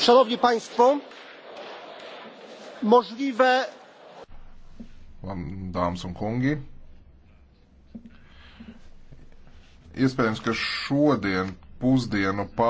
Szanowni Państwo, możliwe. Dāmas un kungi, iespējams, ka šodien pusdienu pār.